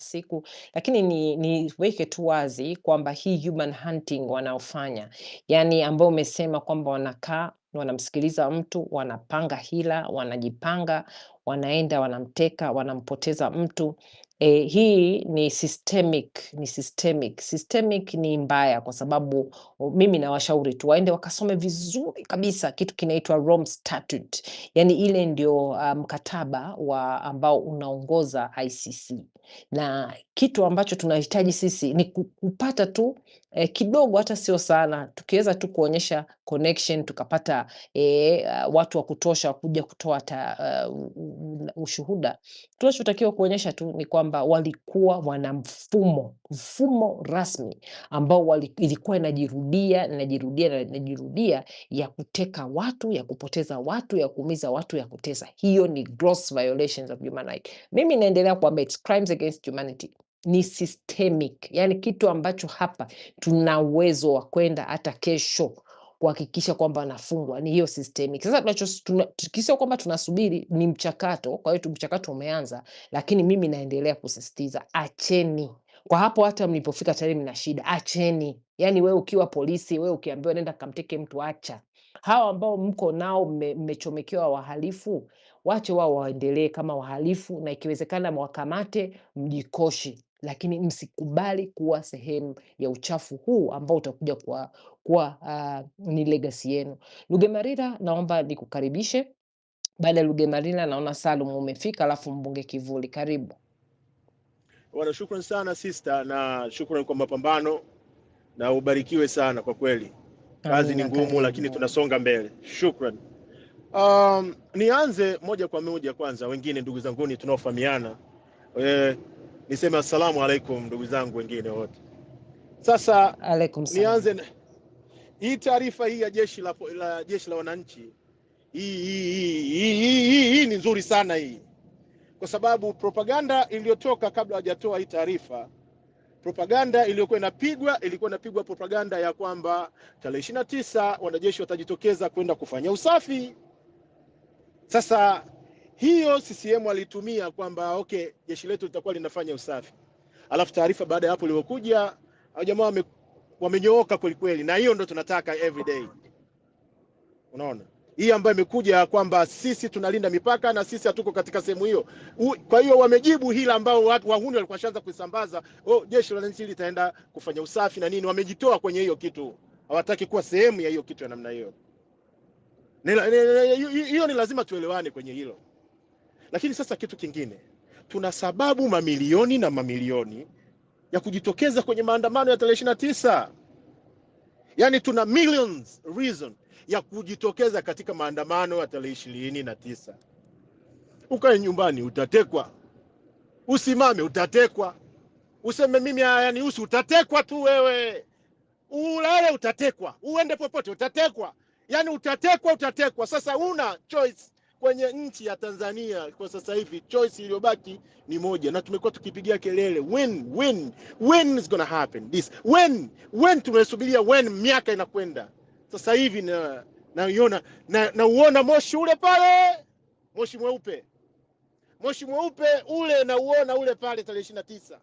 siku lakini ni niweke tu wazi kwamba hii human hunting wanaofanya, yani ambao umesema kwamba wanakaa wanamsikiliza mtu, wanapanga hila, wanajipanga, wanaenda wanamteka, wanampoteza mtu. E, hii ni systemic, ni systemic. Systemic ni mbaya kwa sababu mimi nawashauri tu waende wakasome vizuri kabisa kitu kinaitwa Rome Statute, yaani ile ndio mkataba um, wa ambao unaongoza ICC, na kitu ambacho tunahitaji sisi ni kupata tu eh, kidogo hata sio sana, tukiweza tu kuonyesha connection tukapata eh, uh, watu wa kutosha kuja kutoa ta, uh, ushuhuda, tunachotakiwa kuonyesha tu ni kwamba walikuwa wana mfumo mfumo rasmi ambao ilikuwa inajirudia inajirudia inajirudia ya kuteka watu ya kupoteza watu ya kuumiza watu ya kutesa. Hiyo ni gross violations of human Mimi naendelea kuambia it's crimes against humanity ni systemic, yani kitu ambacho hapa tuna uwezo wa kwenda hata kesho kuhakikisha kwamba wanafungwa ni hiyo systemic. Sasa tunachokisia kwamba tunasubiri ni mchakato, kwa hiyo mchakato umeanza, lakini mimi naendelea kusisitiza acheni kwa hapo, hata mlipofika tayari mna shida, acheni. yani wewe ukiwa polisi, wewe ukiambiwa nenda kamteke mtu, acha. Hawa ambao mko nao mmechomekewa me, wahalifu, wache wao waendelee kama wahalifu, na ikiwezekana mwakamate, mjikoshi lakini msikubali kuwa sehemu ya uchafu huu ambao utakuja kuwa, kuwa uh, ah, ni legasi yenu. Lugemarira, naomba nikukaribishe. Baada ya Lugemarira, naona Salum umefika, alafu mbunge Kivuli, karibu bwana. Shukran sana sister, na shukran kwa mapambano na ubarikiwe sana kwa kweli. Kazi ni ngumu, lakini tunasonga mbele. Shukran. Um, nianze moja kwa moja kwanza, wengine ndugu zanguni tunaofahamiana eh, niseme assalamu alaikum ndugu zangu wengine wote. Sasa nianze hii taarifa hii ya jeshi la, la jeshi la wananchi hii, ni nzuri sana hii, kwa sababu propaganda iliyotoka kabla hawajatoa hii taarifa propaganda iliyokuwa inapigwa ilikuwa inapigwa propaganda ya kwamba tarehe ishirini tisa wanajeshi watajitokeza kwenda kufanya usafi. Sasa hiyo CCM alitumia kwamba okay, jeshi letu litakuwa linafanya usafi, alafu taarifa baada ya hapo ilivyokuja, au jamaa wame, wamenyooka kweli kweli, na hiyo ndo tunataka everyday. Unaona hii ambayo imekuja kwamba sisi tunalinda mipaka na sisi hatuko katika sehemu hiyo. Kwa hiyo wamejibu hila ambao wahuni walikuwa washaanza kuisambaza, oh, jeshi la nchi litaenda kufanya usafi na nini. Wamejitoa kwenye hiyo kitu, hawataki kuwa sehemu ya hiyo kitu ya namna hiyo. Hiyo ni lazima tuelewane kwenye hilo. Lakini sasa kitu kingine, tuna sababu mamilioni na mamilioni ya kujitokeza kwenye maandamano ya tarehe ishirini na tisa. Yaani tuna millions reason ya kujitokeza katika maandamano ya tarehe ishirini na tisa. Ukae nyumbani utatekwa, usimame utatekwa, useme mimi hayanihusu utatekwa tu wewe, ulale utatekwa, uende popote utatekwa, yaani utatekwa, utatekwa. Sasa una choice kwenye nchi ya Tanzania kwa sasa hivi choice iliyobaki ni moja, na tumekuwa tukipigia kelele when when when is gonna happen this when when, tumesubiria when, miaka inakwenda sasa hivi na nauiona na nauona moshi ule pale, moshi mweupe, moshi mweupe ule nauona ule pale tarehe ishirini na tisa.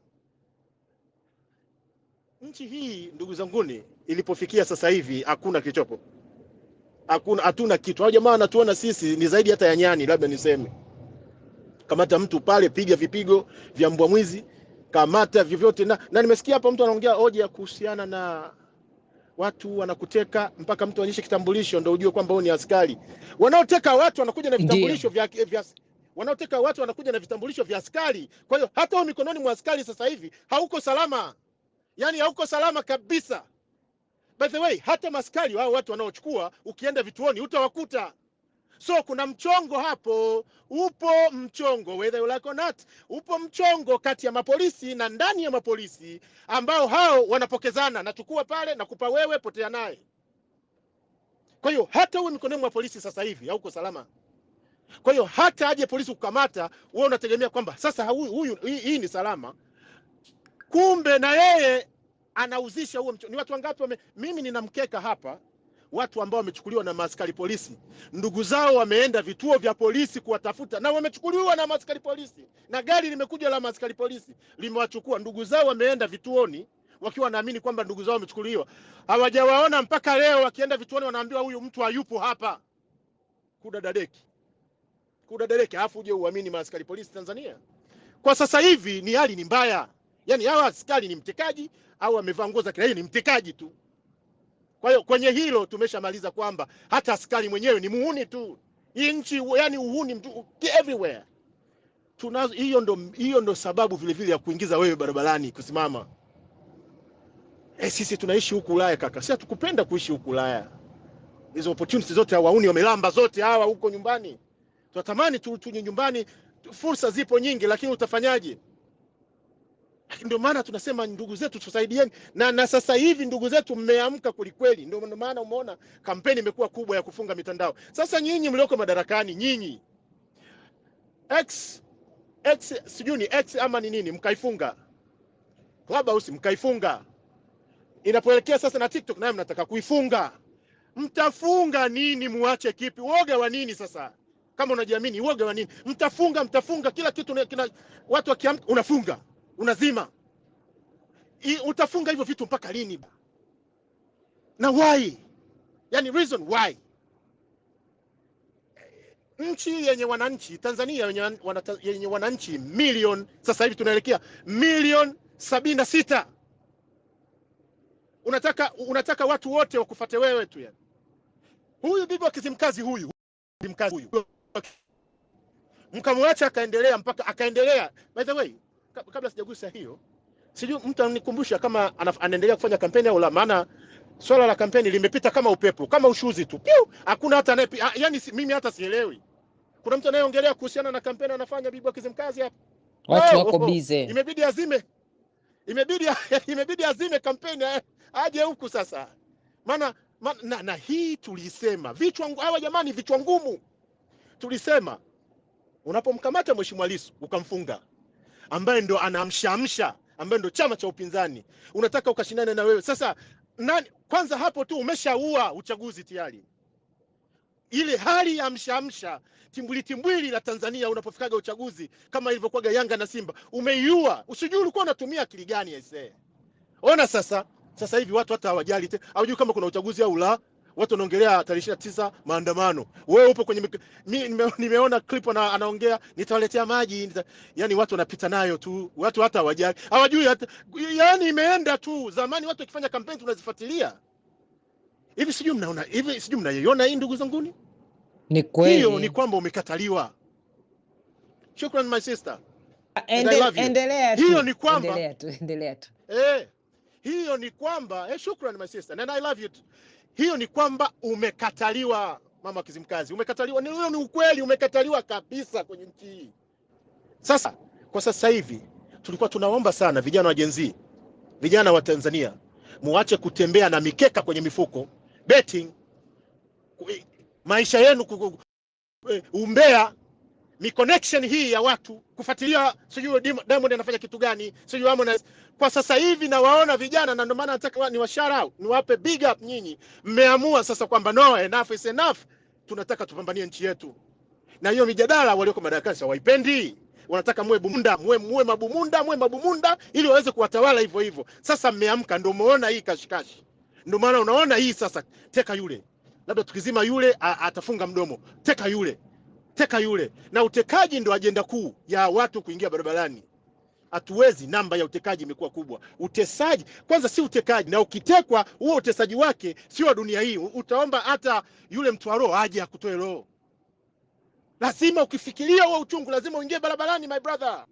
Nchi hii ndugu zanguni, ilipofikia sasa hivi hakuna kilichopo hakuna hatuna kitu. Hao jamaa wanatuona sisi ni zaidi hata ya nyani, labda niseme. Kamata mtu pale, piga vipigo vya mbwa mwizi, kamata vyovyote. Na, na nimesikia hapa mtu anaongea hoja ya kuhusiana na watu wanakuteka mpaka mtu aonyeshe kitambulisho ndio ujue kwamba wewe ni askari. Wanaoteka watu wanakuja na vitambulisho vya, vya wanaoteka watu wanakuja na vitambulisho vya askari. Kwa hiyo hata wewe mikononi mwa askari sasa hivi hauko salama, yaani hauko salama kabisa. By the way, hata maskari wao watu wanaochukua, ukienda vituoni utawakuta. So kuna mchongo hapo, upo mchongo whether you like or not, upo mchongo kati ya mapolisi na ndani ya mapolisi ambao hao wanapokezana, nachukua pale na kupa wewe, potea naye. Kwa hiyo hata uwe mikononi mwa polisi sasa hivi hauko salama. Kwa hiyo hata aje polisi kukamata, wewe unategemea kwamba sasa huyu hii ni salama, kumbe na yeye anauzisha huo mchoro. Ni watu wangapi wame... mimi nina mkeka hapa, watu ambao wamechukuliwa na maaskari polisi, ndugu zao wameenda vituo vya polisi kuwatafuta na wamechukuliwa na maaskari polisi, na gari limekuja la maaskari polisi limewachukua ndugu zao, wameenda vituoni wakiwa wanaamini kwamba ndugu zao wamechukuliwa, hawajawaona mpaka leo. Wakienda vituoni wanaambiwa huyu mtu hayupo hapa, kuda dadeki, kuda dadeki. alafu uje uamini maaskari polisi Tanzania. Kwa sasa hivi ni hali ni mbaya. Yaani hawa askari ni mtekaji au wamevaa nguo za kiraia ni mtekaji tu. Kwa hiyo kwenye hilo tumeshamaliza kwamba hata askari mwenyewe ni muhuni tu. Hii nchi yani uhuni mtu everywhere. Tunazo hiyo ndo hiyo ndo sababu vile vile ya kuingiza wewe barabarani kusimama. Eh, sisi tunaishi huku Ulaya kaka. Sisi hatukupenda kuishi huku Ulaya. Hizo opportunities zote wauni wamelamba zote hawa huko nyumbani. Tunatamani tu nyumbani, fursa zipo nyingi, lakini utafanyaje? Ndio maana tunasema ndugu zetu tusaidieni, na na sasa hivi ndugu zetu mmeamka kwelikweli. Ndio maana umeona kampeni imekuwa kubwa ya kufunga mitandao. Sasa nyinyi mlioko madarakani, nyinyi X X sijui ni X ama ni nini, mkaifunga Clubhouse, mkaifunga inapoelekea sasa na TikTok nayo mnataka kuifunga. Mtafunga nini? Muache kipi? Uoga wa nini sasa? Kama unajiamini, uoga wa nini? Mtafunga, mtafunga kila kitu kina, watu wakiamka unafunga unazima I, utafunga hivyo vitu mpaka lini na why yani reason why nchi yenye wananchi tanzania yenye, wana, yenye wananchi milioni sasa hivi tunaelekea milioni sabini na sita unataka unataka watu wote wakufate wewe tu yani huyu bibi wa kizimkazi huyu mkazi huyu mkamwacha akaendelea mpaka akaendelea by the way kabla sijagusa hiyo, sijui mtu anikumbusha kama anaendelea kufanya kampeni au la, maana swala la kampeni limepita kama upepo, kama ushuzi tu, piu, hakuna hata naye, ah, yani mimi hata sielewi. Kuna mtu anayeongelea kuhusiana na kampeni anafanya bibi Kizimkazi hapa, watu oh, wako bize, imebidi azime, imebidi imebidi azime kampeni eh, aje huku sasa, maana man, na, na hii tulisema vichwa hawa jamani, vichwa ngumu tulisema, unapomkamata mheshimiwa Lissu ukamfunga ambaye ndo anamshamsha ambaye ndo chama cha upinzani unataka ukashindane na wewe sasa nani, kwanza hapo tu umeshaua uchaguzi tayari ile hali ya mshamsha timbwilitimbwili la Tanzania unapofikaga uchaguzi kama ilivyokuwaga Yanga na Simba umeiua. Usijui ulikuwa unatumia akili gani aisee. Ona sasa, sasa hivi watu hata hawajali tena, hawajui kama kuna uchaguzi au la watu wanaongelea tarehe ishirini tisa maandamano, wewe upo kwenye mi, nime, nimeona clip na anaongea nitawaletea maji nita, yani watu wanapita nayo tu, watu hata hawajali hawajui hata, yani imeenda tu. Zamani watu wakifanya kampeni tunazifuatilia hivi, sijui mnaona hivi, sijui mnaiona hii, ndugu zanguni, ni kweli hiyo ni kwamba umekataliwa. Shukran my sister, ah, endelea tu, hiyo ni kwamba endelea tu, endelea tu eh hiyo ni kwamba eh, shukran my sister and I love you too hiyo ni kwamba umekataliwa, mama Kizimkazi, umekataliwa. Hiyo ni ukweli, umekataliwa kabisa kwenye nchi hii. Sasa kwa sasa hivi tulikuwa tunaomba sana vijana wa Gen Z, vijana wa Tanzania muache kutembea na mikeka kwenye mifuko, betting, maisha yenu, eh, umbea ni connection hii ya watu kufuatilia, sijui Diamond anafanya kitu gani, sijui Harmonize kwa sasa hivi nawaona vijana, na ndio maana nataka ni washarau niwape big up nyinyi. Mmeamua sasa kwamba no, enough is enough, tunataka tupambanie nchi yetu, na hiyo mijadala walioko madarakani hawaipendi wanataka muwe bumunda muwe muwe mabumunda muwe mabumunda ili waweze kuwatawala hivyo hivyo. Sasa mmeamka, ndio umeona hii kashikashi, ndio maana unaona hii sasa, teka yule, labda tukizima yule atafunga mdomo, teka yule teka yule, na utekaji ndio ajenda kuu ya watu kuingia barabarani. Hatuwezi, namba ya utekaji imekuwa kubwa. Utesaji kwanza si utekaji, na ukitekwa huo utesaji wake sio wa dunia hii. Utaomba hata yule mtu wa roho aje akutoe roho. Lazima ukifikiria huo uchungu, lazima uingie barabarani, my brother.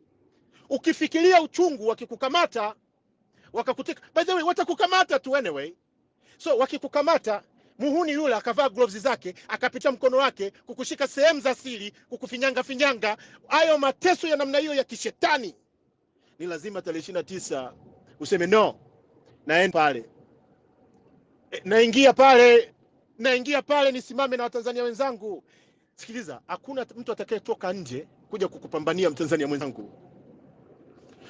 Ukifikiria uchungu, wakikukamata wakakuteka, by the way, watakukamata tu anyway. So wakikukamata muhuni yule akavaa gloves zake akapitia mkono wake kukushika sehemu za siri kukufinyanga finyanga hayo mateso ya namna hiyo ya kishetani ni lazima tarehe ishiri na tisa useme no naenda pale e, naingia pale naingia pale nisimame na watanzania wenzangu sikiliza hakuna mtu atakayetoka nje kuja kukupambania mtanzania mwenzangu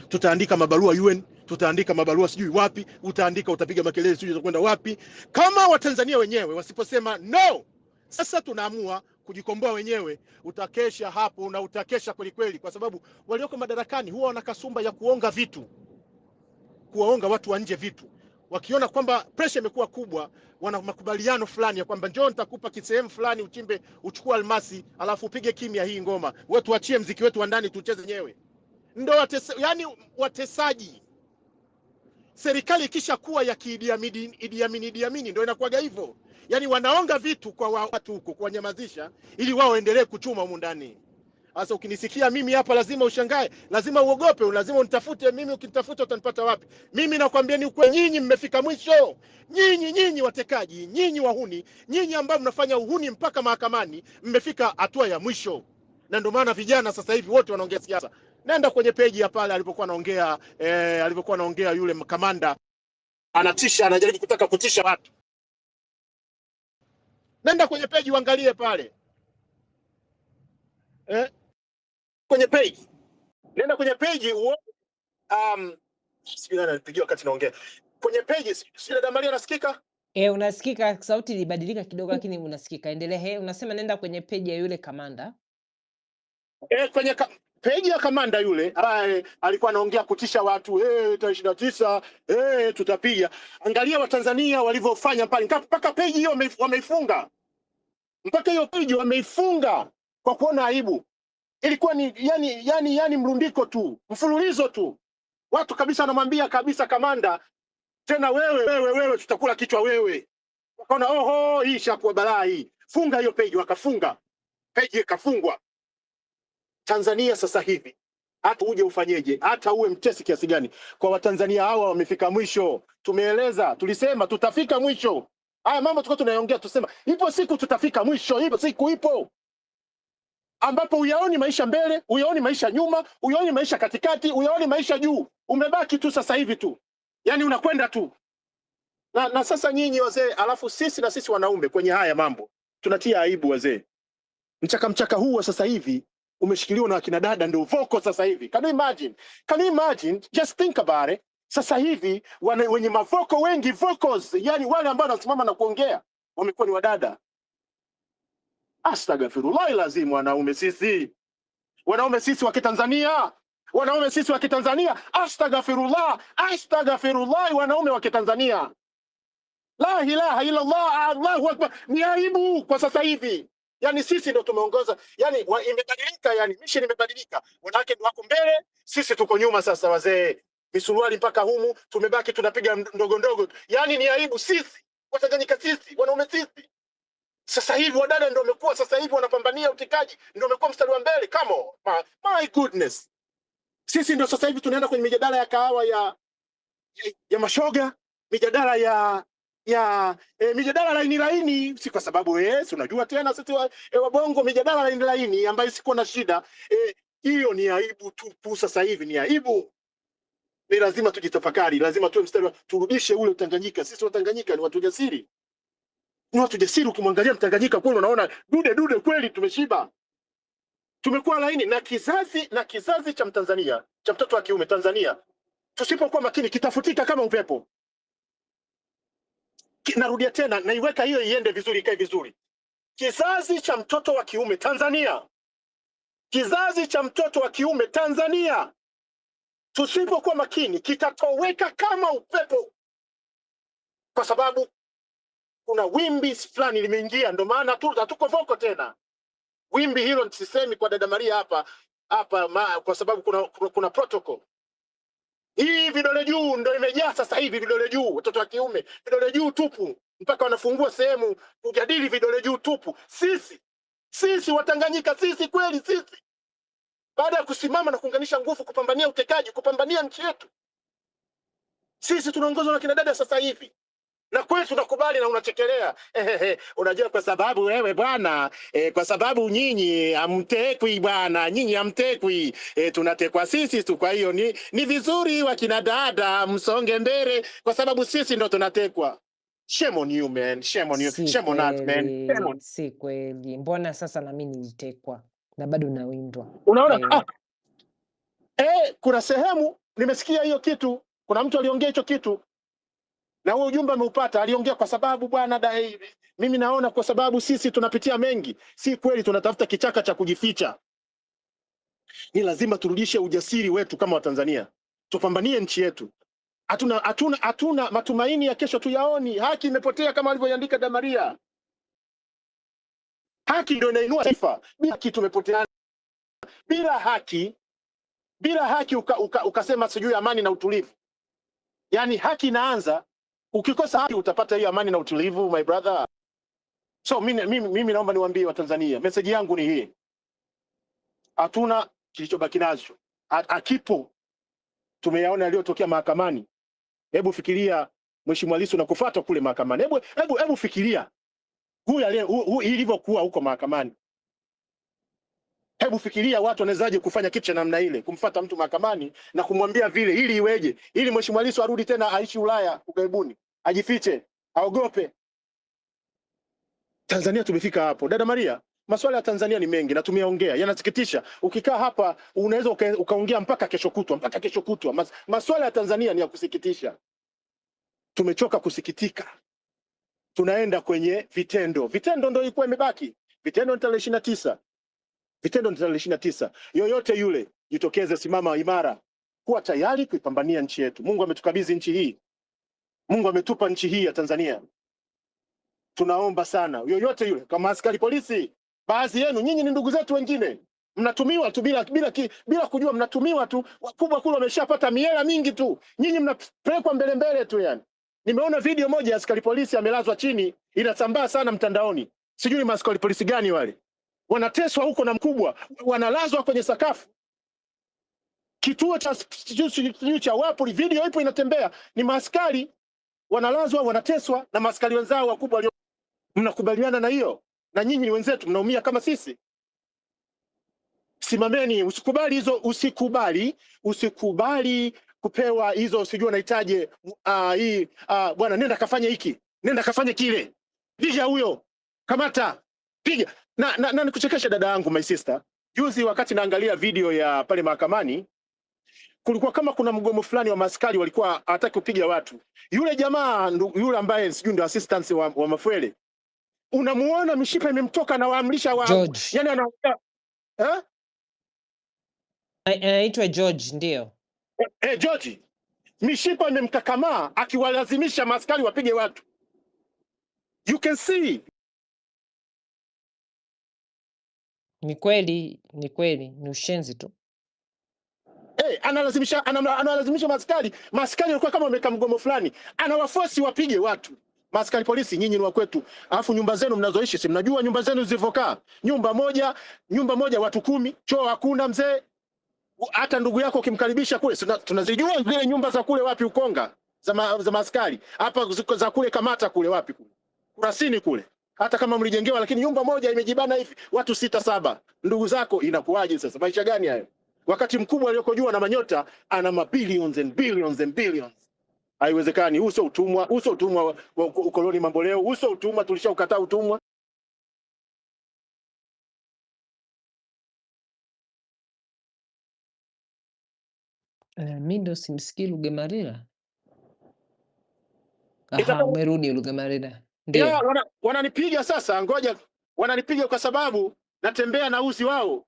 tutaandika mabarua un tutaandika mabarua sijui wapi, utaandika utapiga makelele sijui utakwenda wapi, kama watanzania wenyewe wasiposema no. Sasa tunaamua kujikomboa wenyewe, utakesha hapo na utakesha kwelikweli, kwa sababu walioko madarakani huwa wana kasumba ya kuonga vitu, kuwaonga watu wa nje vitu wakiona kwamba presha imekuwa kubwa, wana makubaliano fulani ya kwamba njoo nitakupa kisehemu fulani uchimbe, uchukue almasi, alafu upige kimya hii ngoma, wewe tuachie mziki wetu wa ndani tucheze wenyewe. Ndo watesa, yani watesaji serikali ikisha kuwa ya kiidiamini diamini ndio inakuwaga hivyo, yaani wanaonga vitu kwa watu huko kuwanyamazisha, ili wao waendelee kuchuma humu ndani. Sasa ukinisikia mimi hapa, lazima ushangae, lazima uogope, lazima unitafute mimi. Ukinitafuta utanipata wapi? Mimi nakwambia ni ukweli, nyinyi mmefika mwisho. Nyinyi nyinyi watekaji, nyinyi wahuni, nyinyi ambao mnafanya uhuni mpaka mahakamani, mmefika hatua ya mwisho, na ndio maana vijana sasa hivi wote wanaongea siasa nenda kwenye peji ya pale alipokuwa anaongea eh, alipokuwa anaongea yule kamanda anatisha, anajaribu kutaka kutisha watu. Nenda kwenye peji uangalie pale eh? kwenye peji, nenda kwenye peji uo um, sijui nani alipigiwa wakati naongea kwenye peji. Sijui dada Maria anasikika E, eh, Unasikika, sauti ilibadilika kidogo, lakini unasikika. Endelea. He, eh, unasema nenda kwenye peji ya yule kamanda e, kwenye ka peji ya kamanda yule ambaye alikuwa anaongea kutisha watu hey, eh, tarehe ishirini na tisa hey, eh, tutapiga. Angalia watanzania walivyofanya pale, mpaka peji hiyo wameifunga, mpaka hiyo peji wameifunga kwa kuona aibu. Ilikuwa ni yani, yani, yani mrundiko tu, mfululizo tu, watu kabisa wanamwambia kabisa kamanda tena, wewe wewe wewe, tutakula kichwa wewe. Wakaona oho, hii ishakuwa balaa hii, funga hiyo peji. Wakafunga peji, ikafungwa Tanzania sasa hivi hata uje ufanyeje, hata uwe mtesi kiasi gani, kwa Watanzania hawa wamefika mwisho. Tumeeleza, tulisema tutafika mwisho. Haya mambo tulikuwa tunayaongea, tusema ipo siku tutafika mwisho. ipo siku ipo ambapo uyaoni maisha mbele, uyaoni maisha nyuma, uyaoni maisha katikati, uyaoni maisha juu, umebaki tu sasa hivi tu, yani unakwenda tu na, na sasa nyinyi wazee, alafu sisi na sisi wanaume kwenye haya mambo tunatia aibu wazee. Mchaka mchaka huu wa sasa hivi umeshikiliwa na akina dada ndio voko sasa hivi. Can you imagine? Can you imagine? Just think about it. Sasa hivi wana, wenye mavoko wengi vocals, yani wale ambao wanasimama na kuongea wamekuwa ni wadada. Astaghfirullah lazima wanaume sisi, wanaume sisi wa Kitanzania, wanaume sisi wa Kitanzania, astaghfirullah, astaghfirullah, wanaume wa Kitanzania, la ilaha illa Allah, Allahu akbar, ni aibu kwa sasa hivi Yani sisi ndo tumeongoza, yani imebadilika, yani mission imebadilika, wanawake wako mbele, sisi tuko nyuma. Sasa wazee misuruali mpaka humu, tumebaki tunapiga ndogo ndogo, yani ni aibu sisi Watanganyika, sisi wanaume, sisi sasa hivi wadada ndio wamekuwa sasa hivi wanapambania utekaji, ndio wamekuwa mstari wa mbele. Come on, my, my goodness, sisi ndio sasa hivi tunaenda kwenye mijadala ya kahawa ya, ya, ya mashoga, mijadala ya ya e, mijadala laini laini, si kwa sababu eh, si unajua tena sisi wa, e, wabongo mijadala laini laini ambayo siko na shida eh, hiyo. E, ni aibu tupu, sasa hivi ni aibu. Ni lazima tujitafakari, lazima tuwe mstari, turudishe ule Utanganyika. Sisi Watanganyika ni watu jasiri, ni watu jasiri. Ukimwangalia Mtanganyika kweli unaona dude dude, kweli tumeshiba, tumekuwa laini. Na kizazi na kizazi cha Mtanzania cha mtoto wa kiume Tanzania, tusipokuwa makini kitafutika kama upepo narudia tena, naiweka hiyo iende vizuri, ikae vizuri. Kizazi cha mtoto wa kiume Tanzania, kizazi cha mtoto wa kiume Tanzania, tusipokuwa makini kitatoweka kama upepo, kwa sababu kuna wimbi fulani limeingia. Ndio maana tu hatuko voko tena. Wimbi hilo sisemi kwa dada Maria hapa hapa ma, kwa sababu kuna, kuna, kuna protocol hii vidole juu ndo imejaa sasa hivi, vidole juu, watoto wa kiume, vidole juu tupu, mpaka wanafungua sehemu kujadili vidole juu tupu. Sisi sisi Watanganyika, sisi kweli, sisi baada ya kusimama na kuunganisha nguvu kupambania utekaji, kupambania nchi yetu, sisi tunaongozwa na kina dada sasa hivi na kweli tunakubali na unachekelea. unajua kwa sababu wewe bwana e, kwa sababu nyinyi hamtekwi bwana, nyinyi hamtekwi e, tunatekwa sisi tu. Kwa hiyo ni, ni vizuri wakina dada msonge mbele, kwa sababu sisi ndo tunatekwa. Shame on you man, shame on you, Si shame on us man, on si kweli. Mbona sasa nami nilitekwa na bado nawindwa? unaona Eh, ah, eh, kuna sehemu nimesikia hiyo kitu, kuna mtu aliongea hicho kitu na huo ujumbe ameupata, aliongea kwa sababu bwana da, hey, eh, mimi naona kwa sababu sisi tunapitia mengi. Si kweli, tunatafuta kichaka cha kujificha. Ni lazima turudishe ujasiri wetu kama Watanzania, tupambanie nchi yetu. Hatuna hatuna hatuna matumaini ya kesho, tuyaoni. Haki imepotea kama alivyoiandika Damaria, haki ndio inainua taifa. Bila kitu tumepotea, bila haki, bila haki uka, uka, ukasema sijui amani na utulivu. Yani haki inaanza Ukikosa haki utapata hiyo amani na utulivu, my brother. So mimi, mimi, mimi naomba niwaambie Watanzania, message yangu ni hii, hatuna kilichobaki nacho, akipo tumeyaona yaliyotokea mahakamani. Hebu fikiria Mheshimiwa Lissu na kufuatwa kule mahakamani. Hebu hebu hebu fikiria huyu ilivyokuwa huko mahakamani. Hebu fikiria watu wanawezaje kufanya kitu cha namna ile, kumfuata mtu mahakamani na kumwambia vile, ili iweje? Ili Mheshimiwa Lissu arudi tena aishi Ulaya ugaibuni ajifiche, aogope. Tanzania tumefika hapo, dada Maria. Masuala ya Tanzania ni mengi na tumeyaongea, yanasikitisha. Ukikaa hapa unaweza ukaongea mpaka kesho kutwa, mpaka kesho kutwa. Mas, masuala ya Tanzania ni ya kusikitisha. Tumechoka kusikitika, tunaenda kwenye vitendo. Vitendo ndo ilikuwa imebaki. Vitendo ni tarehe ishirini na tisa vitendo ni tarehe ishirini na tisa Yoyote yule, jitokeze, simama imara, kuwa tayari kuipambania nchi yetu. Mungu ametukabidhi nchi hii, Mungu ametupa nchi hii ya Tanzania. Tunaomba sana yoyote yule, kama askari polisi, baadhi yenu nyinyi ni ndugu zetu, wengine mnatumiwa tu bila, bila, ki, bila kujua, mnatumiwa tu. Wakubwa kule wameshapata miela mingi tu, nyinyi mnapelekwa mbele mbele tu. Yani nimeona video moja ya askari polisi amelazwa chini, inasambaa sana mtandaoni, sijui ni maskari polisi gani wale, wanateswa huko na mkubwa, wanalazwa kwenye sakafu kituo cha sijui cha Wapoli, video ipo inatembea, ni maskari wanalazwa, wanateswa na maskari wenzao wakubwa walio. Mnakubaliana na hiyo? Na nyinyi ni wenzetu, mnaumia kama sisi. Simameni, usikubali hizo, usikubali, usikubali kupewa hizo, sijui wanahitaje ah, hii. Ah, bwana, nenda kafanya hiki, nenda kafanye kile, piga huyo, kamata, piga na, na, na nikuchekesha dada yangu, my sister, juzi wakati naangalia video ya pale mahakamani kulikuwa kama kuna mgomo fulani wa maskari walikuwa hataki kupiga watu. Yule jamaa yule ambaye sijui ndio assistant wa, wa Mafwele, unamuona mishipa imemtoka na waamrisha wa George. Yani anaongea eh, anaitwa George ndio eh, eh, George mishipa imemkakamaa akiwalazimisha maskari wapige watu. You can see ni kweli, ni kweli, ni ushenzi tu. Hey, eh, analazimisha analazimisha maskari maskari walikuwa kama wameka mgomo fulani, anawafosi wapige watu. Maskari polisi, nyinyi ni wa kwetu, alafu nyumba zenu mnazoishi si mnajua nyumba zenu zilivyokaa. Nyumba moja nyumba moja watu kumi, choo hakuna mzee. Hata ndugu yako ukimkaribisha kule, tunazijua zile nyumba za kule wapi Ukonga za, ma, za maskari hapa za kule Kamata kule wapi kule Kurasini kule hata kama mlijengewa, lakini nyumba moja imejibana hivi watu sita saba, ndugu zako, inakuwaje sasa? Maisha gani hayo? wakati mkubwa aliyoko juu ana manyota, ana mabillions and billions and billions. Haiwezekani. huso utumwa, huso utumwa wa, ukoloni mamboleo, huso utumwa, tulishaukataa utumwa. Uh, eh, mi ndo simsikii Lugemarira. Aha, umerudi Lugemarira. Ndio. wananipiga, wana- sasa, ngoja wananipiga kwa sababu natembea na uzi wao.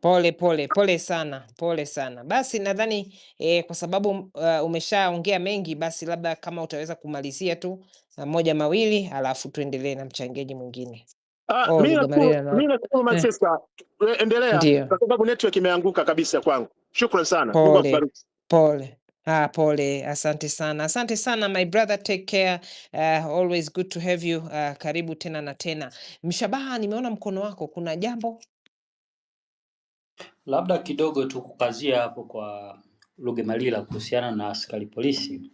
Pole pole pole sana, pole sana. Basi nadhani eh, kwa sababu uh, umeshaongea mengi, basi labda kama utaweza kumalizia tu na moja mawili, alafu tuendelee na mchangiaji mwingine. Ah, oh, mimi Manchester. Eh. Eh, endelea kwa sababu network imeanguka kabisa kwangu. Shukrani sana. pole Pole. Ah, pole. Asante sana, asante sana my brother, take care. Uh, always good to have you. Uh, karibu tena na tena. Mshabaha, nimeona mkono wako, kuna jambo Labda kidogo tu kukazia hapo kwa malila kuhusiana na askari polisi.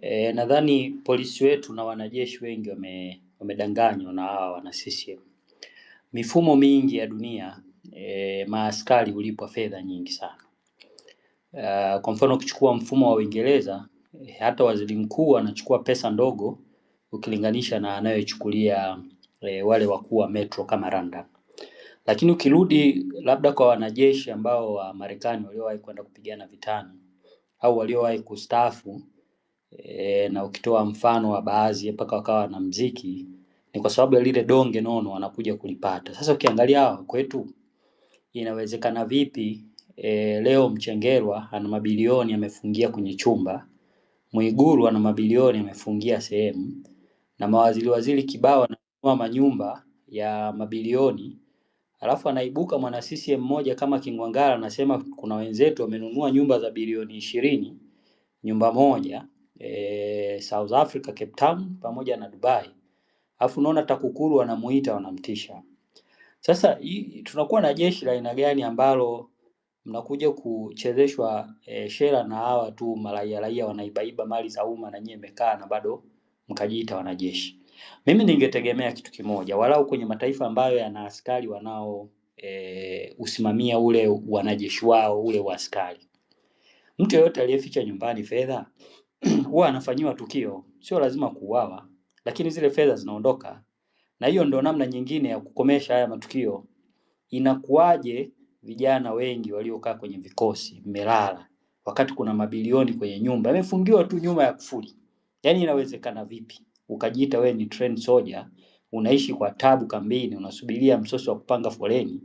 E, nadhani polisi wetu na wanajeshi wengi wame, wamedanganywa na hawa wana CCM. Mifumo mingi ya dunia e, maaskari hulipwa fedha nyingi sana. E, kwa mfano ukichukua mfumo wa Uingereza e, hata waziri mkuu anachukua pesa ndogo ukilinganisha na anayochukulia e, wale wakuu wa metro kama London. Lakini ukirudi labda kwa wanajeshi ambao wa Marekani waliowahi kwenda kupigana vitani au waliowahi kustaafu e, na ukitoa mfano wa baadhi mpaka wakawa na mziki ni kwa sababu ya lile donge nono wanakuja kulipata. Sasa ukiangalia hawa kwetu, inawezekana vipi? E, leo Mchengerwa ana mabilioni amefungia kwenye chumba, mwiguru ana mabilioni amefungia sehemu, na mawaziri waziri kibao ananunua manyumba ya mabilioni Alafu anaibuka mwana CCM mmoja kama Kingwangala anasema kuna wenzetu wamenunua nyumba za bilioni ishirini nyumba moja e, South Africa Cape Town pamoja na Dubai. Alafu unaona TAKUKURU wanamuita wanamtisha. Sasa hii, tunakuwa na jeshi la aina gani ambalo mnakuja kuchezeshwa e, shera na hawa tu maraia raia wanaibaiba mali za umma na nyie mmekaa na bado mkajiita wanajeshi. Mimi ningetegemea kitu kimoja, walau kwenye mataifa ambayo yana askari wanao e, usimamia ule wanajeshi wao ule wa askari, mtu yeyote aliyeficha nyumbani fedha huwa anafanyiwa tukio, sio lazima kuuawa, lakini zile fedha zinaondoka. Na hiyo ndo namna nyingine ya kukomesha haya matukio. Inakuwaje vijana wengi waliokaa kwenye vikosi mmelala, wakati kuna mabilioni kwenye nyumba yamefungiwa tu nyuma ya kufuli? Yaani inawezekana vipi? ukajiita wewe ni trained soldier, unaishi kwa tabu kambini, unasubiria msosi wa kupanga foleni,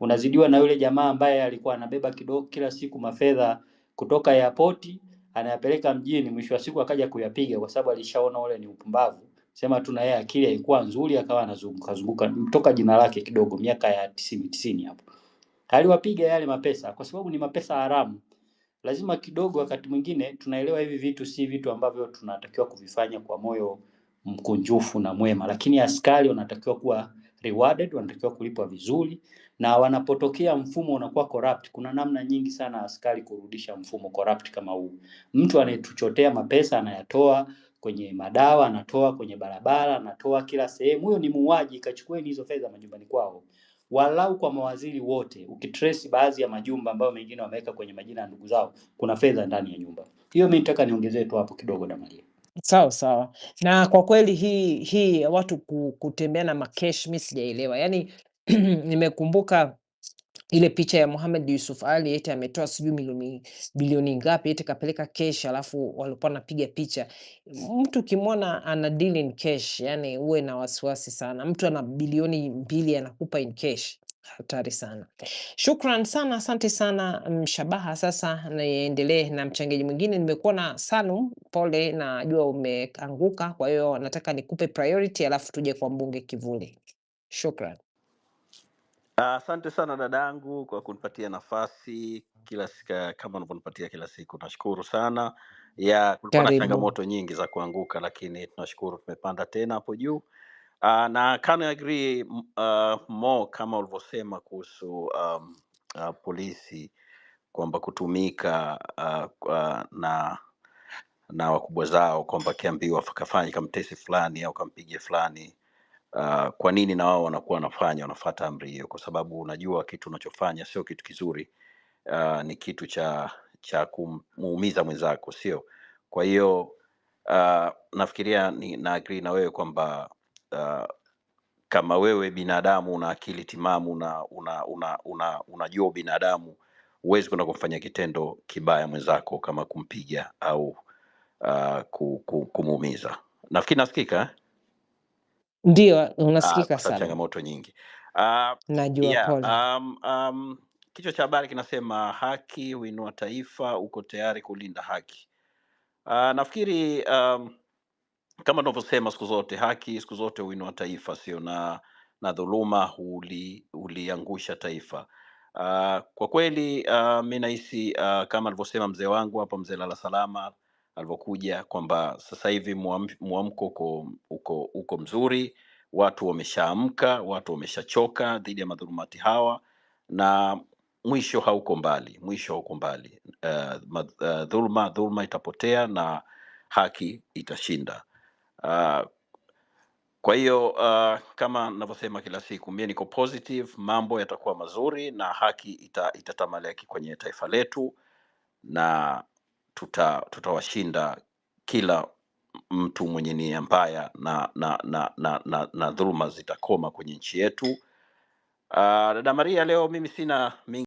unazidiwa na yule jamaa ambaye alikuwa anabeba kidogo kila siku mafedha kutoka airport anayapeleka mjini, mwisho wa siku akaja kuyapiga kwa sababu alishaona ule ni upumbavu. Sema tu na yeye akili haikuwa nzuri, akawa anazunguka zunguka toka jina lake kidogo, miaka ya 90 90 hapo aliwapiga yale mapesa, kwa sababu ni mapesa haramu. Lazima kidogo, wakati mwingine tunaelewa hivi vitu si vitu ambavyo tunatakiwa kuvifanya kwa moyo mkunjufu na mwema, lakini askari wanatakiwa kuwa rewarded, wanatakiwa kulipwa vizuri, na wanapotokea mfumo unakuwa corrupt, kuna namna nyingi sana askari kurudisha mfumo corrupt kama huu. Mtu anayetuchotea mapesa anayatoa kwenye madawa, anatoa kwenye barabara, anatoa kila sehemu, huyo ni muuaji. Kachukueni hizo fedha majumbani kwao walau kwa mawaziri wote, ukitrace baadhi ya majumba ambayo mengine wameweka kwenye majina ya ndugu zao, kuna fedha ndani ya nyumba hiyo. Mimi nataka niongezee tu hapo kidogo, Damalia. Sawa sawa, na kwa kweli hii hii watu kutembea na makesh mi sijaelewa, yani nimekumbuka ile picha ya muhamed Yusuf Ali eti ametoa sijui milioni bilioni ngapi eti kapeleka kesh, alafu walikuwa wanapiga picha. Mtu ukimwona ana deal in cash, yani uwe na wasiwasi sana. Mtu ana bilioni mbili anakupa in cash, Hatari sana. Shukran sana, asante sana Mshabaha. Sasa niendelee na mchangaji mwingine, nimekuwa na Salum. Pole, najua umeanguka, kwa hiyo nataka nikupe priority, alafu tuje kwa mbunge Kivuli. Shukran. Asante sana dadangu kwa kunipatia nafasi kila sika, kama unavyonipatia kila siku, nashukuru sana. Ya, kulikuwa na changamoto nyingi za kuanguka, lakini tunashukuru tumepanda tena hapo juu. Uh, na can agree uh, more kama ulivyosema kuhusu um, uh, polisi kwamba kutumika uh, uh, na na wakubwa zao kwamba akiambiwa kafanye kamtesi fulani au kampige fulani uh, kwa nini na wao wanakuwa wanafanya wanafata amri hiyo? Kwa sababu unajua kitu unachofanya sio kitu kizuri, uh, ni kitu cha cha kumuumiza mwenzako, sio? Kwa hiyo uh, nafikiria ni, na agree na wewe kwamba uh, kama wewe binadamu una akili timamu na una unajua una, una, una binadamu huwezi kwenda kumfanya kitendo kibaya mwenzako kama kumpiga au uh, kumuumiza. Nafikiri nasikika eh? ndio, ah, unasikika sana. Changamoto nyingi uh, najua yeah, um, um, kichwa cha habari kinasema haki huinua taifa, uko tayari kulinda haki? Uh, nafikiri um, kama tunavyosema siku zote, haki siku zote huinua taifa, sio na na dhuluma huli, taifa. Uh, kwa kweli uh, mi nahisi uh, kama alivyosema mzee wangu hapa, mzee Lala Salama alivyokuja kwamba sasa hivi mwamko uko, uko, uko mzuri, watu wameshaamka, watu wameshachoka dhidi ya madhulumati hawa, na mwisho hauko mbali, mwisho hauko mbali. Uh, uh, dhuluma dhuluma itapotea na haki itashinda. Uh, kwa hiyo uh, kama navyosema kila siku, mie niko positive, mambo yatakuwa mazuri na haki ita, itatamalaki kwenye taifa letu na tuta, tutawashinda kila mtu mwenye nia mbaya na, na, na, na, na, na dhuluma zitakoma kwenye nchi yetu. Uh, dada Maria, leo mimi sina mingi